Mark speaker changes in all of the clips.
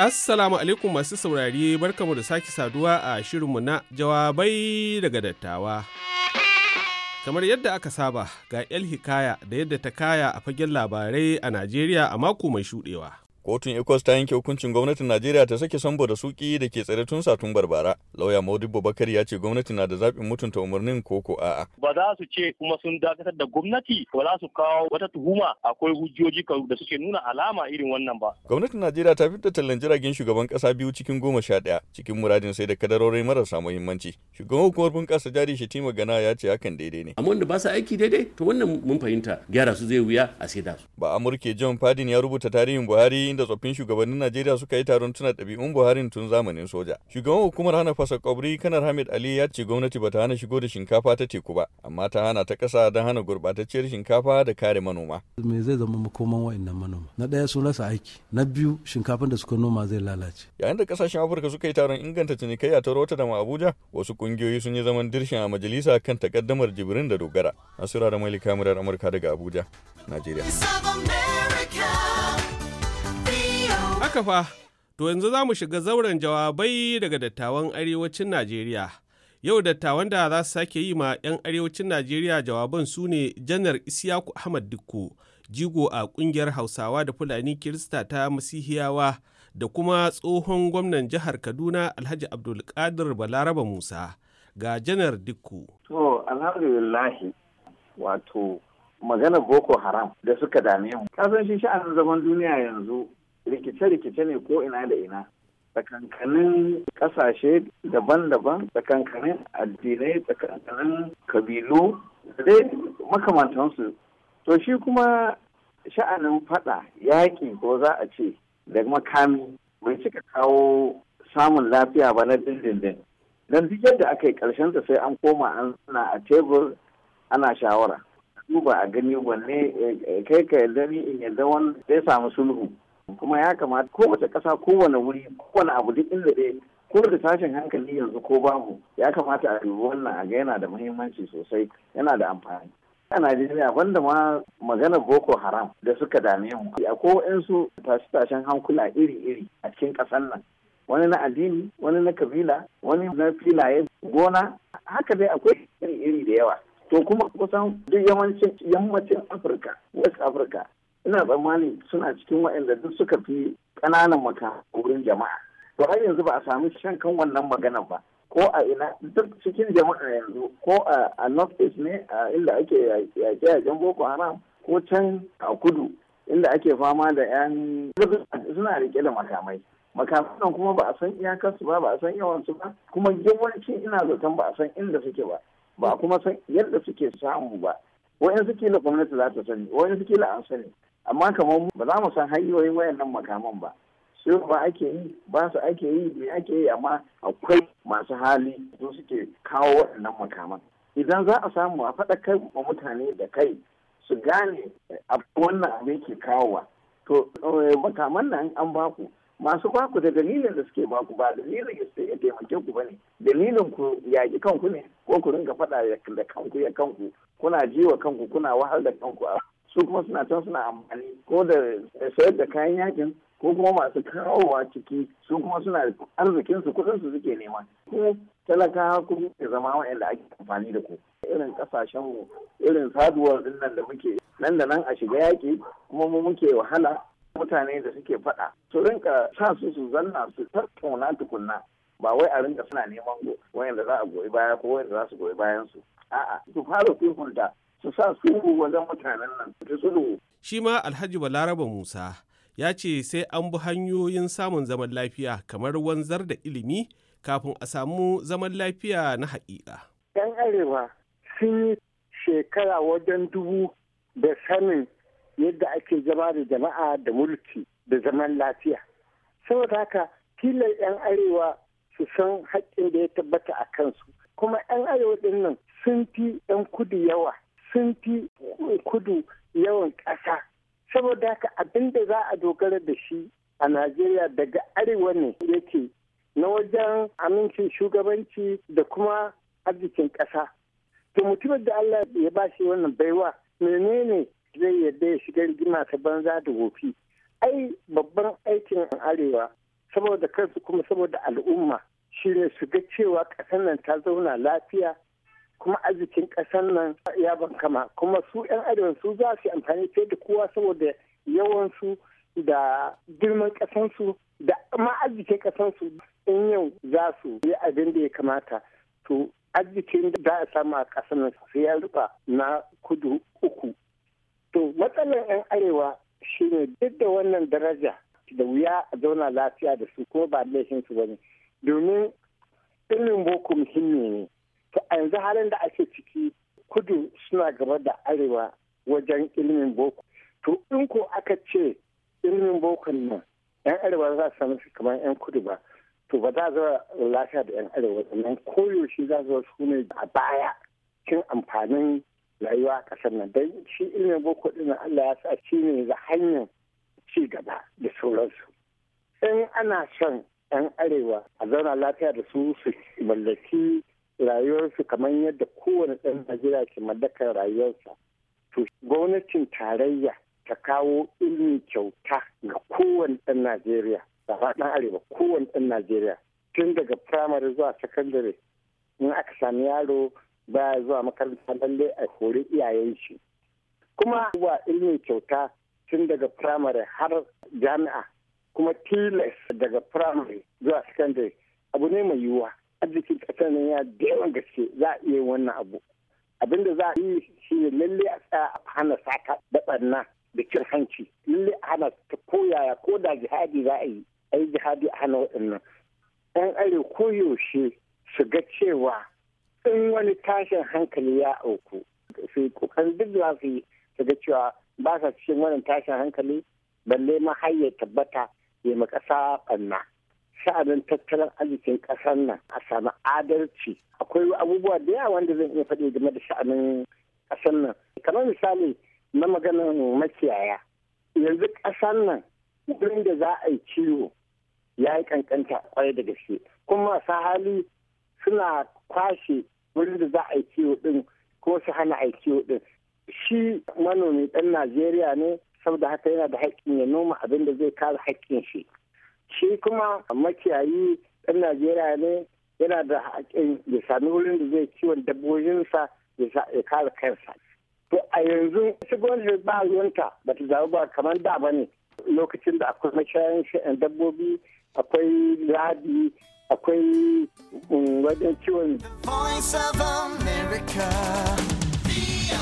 Speaker 1: Assalamu alaikum masu saurari barkamu da sake saduwa a shirinmu na jawabai daga dattawa. Kamar yadda aka saba ga 'yar Hikaya da yadda ta kaya a fagen labarai a Najeriya a mako mai shuɗewa. Kotun Ecos ta yanke hukuncin gwamnatin Najeriya ta sake sambo da suki da ke tsare tun satun barbara Lauya maudu Bakari ya ce gwamnati na da zaɓin mutunta umarnin koko a'a.
Speaker 2: Ba za su ce kuma sun dakatar da gwamnati ba za su kawo wata tuhuma akwai hujjoji da suke nuna alama irin wannan ba.
Speaker 1: Gwamnatin Najeriya ta fitar tallan jiragen shugaban kasa biyu cikin goma sha ɗaya cikin muradin sai da kadarorai marasa muhimmanci. Shugaban hukumar bunƙasa jari Shetima Gana ya ce hakan daidai ne. Amma wanda ba su aiki daidai to wannan mun fahimta gyara su zai wuya a da su. Ba Amurke John Fadin ya rubuta tarihin Buhari yayin da tsoffin shugabannin Najeriya suka yi taron tuna ɗabi'un Buhari tun zamanin soja. Shugaban hukumar hana fasa kwabri kanar Hamid Ali ya ce gwamnati ba ta hana shigo da shinkafa ta teku ba, amma ta hana ta ƙasa don hana gurɓatacciyar shinkafa da kare manoma.
Speaker 2: Me zai zama makoman wa'annan manoma? Na ɗaya sun rasa aiki, na biyu shinkafan da suka noma zai lalace.
Speaker 1: Yayin da ƙasashen Afirka suka yi taron inganta cinikayya ta Rota da Abuja, wasu ƙungiyoyi sun yi zaman dirshin a majalisa kan takaddamar jibrin da dogara. nasira da Malika Murar Amurka daga Abuja, Najeriya. Haka fa, to yanzu za mu shiga zauren jawabai daga dattawan arewacin Najeriya. Yau dattawan da za su sake yi ma 'yan arewacin Najeriya jawaban su ne Janar Isiyaku Ahmad Dikko, jigo a kungiyar Hausawa da Fulani Kirista ta Masihiyawa da kuma tsohon gwamnan jihar Kaduna Alhaji Abdulkadir Balaraba Musa. Ga Janar Dikko.
Speaker 2: To, alhamdulillahi, wato, maganar Boko Haram da suka dame mu. Kasan shi sha'anin zaman duniya yanzu rikice-rikice ne ko ina da ina tsakankanin ƙasashe daban-daban tsakankanin addinai tsakankanin kabilu da makamantansu to shi kuma sha'anin fada yaƙi ko za a ce da makami bai cika kawo samun lafiya ba na dindindin don duk yadda aka yi ƙarshenta sai an koma an suna a tebur ana shawara duba a gani wanne eh, eh, kai ka yadda ni in yadda wani zai samu sulhu kuma ya kamata kowace ƙasa kowane wuri kowane abu duk inda dai ko da tashin hankali yanzu ko babu ya kamata a yi wannan a ga yana da muhimmanci sosai yana da amfani a Najeriya banda ma maganar Boko Haram da suka dame mu akwai waɗansu tashe-tashen hankula iri-iri a cikin ƙasar nan wani na addini wani na kabila wani na filaye gona haka dai akwai iri-iri da yawa to kuma kusan duk yawancin yammacin afirka west africa ina tsammani suna cikin waɗanda duk suka fi ƙananan maka wurin jama'a to har yanzu ba a sami shan kan wannan maganar ba ko a ina duk cikin jama'a yanzu ko a north east ne a inda ake yaƙe yaƙen boko haram ko can a kudu inda ake fama da yan suna rike da makamai makaman kuma ba a san iyakarsu ba ba a san yawansu ba kuma yawancin ina zaton ba a san inda suke ba ba kuma san yadda suke samu ba wa'in suke kila gwamnati za ta sani wa'in suke kila an sani amma kamar ba za mu san hanyoyin wayannan makaman ba sai ba ake yi ba su ake yi me ake yi amma akwai masu hali su suke kawo waɗannan makaman idan za a samu a faɗa-kai ma mutane da kai su gane a wannan abin ke kawowa to eh, makaman nan an baku masu baku da dalilin da suke baku ba dalilin da ya taimake ku ba ne dalilin ku yaƙi kanku ne ko ku ringa faɗa da kanku ya kanku kuna jiwa kanku kuna wahal da kanku a su kuma suna can suna amfani ko da sayar da kayan yakin ko kuma masu kawowa ciki su kuma suna arzikinsu su suke nema ko talakawa kuma ke zama wa'anda ake amfani da ku irin mu irin saduwar dinnan da muke nan da nan a shiga yaki kuma mu muke wahala mutane da suke faɗa su rinka sa su su zanna su tattauna tukunna ba wai a rinka suna neman wayanda za a goyi baya ko wayanda za su goyi bayan su a'a su fara sulhunta su sa su wajen mutanen nan su sulhu.
Speaker 1: Shi ma Alhaji Balaraba Musa ya ce sai an bi hanyoyin samun zaman lafiya kamar wanzar da ilimi kafin a samu zaman lafiya na haƙiƙa.
Speaker 2: 'Yan Arewa sun yi shekara wajen dubu da sanin yadda ake zama da jama'a da mulki da zaman lafiya. Saboda haka tilar 'yan Arewa su san haƙƙin da ya tabbata a kansu. Kuma 'yan Arewa ɗin sun fi 'yan kudu yawa sun fi kudu yawan ƙasa saboda haka abin da za a dogara da shi a najeriya daga arewa ne yake na wajen amincin shugabanci da kuma arzikin ƙasa to mutumin da allah ya ba shi wannan baiwa menene zai yarda ya shiga rigima ta banza da wofi ai babban aikin arewa saboda kansu kuma saboda al'umma shine su ga cewa ƙasar nan ta zauna lafiya kuma arzikin ƙasar nan ya bankama kuma su 'yan arewa su za su amfani fiye da kowa saboda yawansu da girman ƙasansu da ma arzikin ƙasansu in yau za su yi abin da ya kamata to arzikin da za a samu a ƙasar nan su ya ruba na kudu uku to matsalar 'yan arewa shine duk da wannan daraja da wuya a zauna lafiya da su kuma ba laifin su bane domin ilimin boko muhimmi ne a yanzu halin da ake ciki kudu suna gaba da arewa wajen ilimin boko to in ko aka ce ilimin bokon nan yan arewa za su sami kamar yan kudu ba to ba za zuwa lafiya da yan arewa sannan koyaushe za zuwa su ne a baya cin amfanin rayuwa a ƙasar nan don shi ilimin boko ɗin Allah ya sa shi ne da hanyar ci gaba da sauransu in ana son yan arewa a zauna lafiya da su su mallaki rayuwarsu kamar yadda kowane ɗan Najeriya ke mallakar rayuwarsa. To gwamnatin tarayya ta kawo ilimin kyauta ga kowane ɗan Najeriya, da faɗin arewa kowane ɗan Najeriya. Tun daga firamare zuwa sakandare in aka sami yaro baya zuwa makaranta lalle a kori iyayen shi. Kuma zuwa ilmin kyauta tun daga firamare har jami'a kuma tilas daga firamare zuwa sakandare abu ne mai yiwuwa. arzikin ƙasar nan ya da yawan gaske za a iya wannan abu abinda za a yi shi ne lalle a tsaya a hana sata da ɓarna da cin hanci lalle a hana ta koyaya ko da jihadi za a yi a yi jihadi a hana waɗannan ɗan arewa koyaushe su ga cewa in wani tashin hankali ya auku su kokan duk za su yi su ga cewa ba sa cikin wannan tashin hankali balle ma har ya tabbata ya ma ƙasa ɓanna sha'anin tattalin arzikin ƙasar nan a samu adalci akwai abubuwa da yawa wanda zan iya faɗi game da sha'anin ƙasar nan kamar misali na maganar makiyaya yanzu ƙasar nan wurin da za a yi ciwo ya yi kankanta kwarai da gaske kuma sa hali suna kwashe wurin da za a yi ciwo ɗin, ko su hana a yi ciwo din shi manomi dan najeriya ne saboda haka yana da haƙƙin ya noma abin da zai kare haƙƙin shi shi kuma makiyayi ɗan najeriya ne yana da haƙƙin ya sami wurin da zai kiwon dabbobinsa ya kare kansa to a yanzu Wasu gwamnati ba ruwanta ba ta zaɓi ba kamar da ba ne lokacin da akwai mashayan eh, dabbobi akwai labi akwai mm, wajen kiwon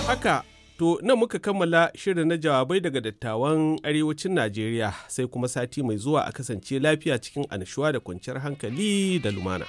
Speaker 1: haka To, nan muka kammala shirin na jawabai daga dattawan arewacin Najeriya sai kuma sati mai zuwa a kasance lafiya cikin anishuwa da kwanciyar hankali da lumana.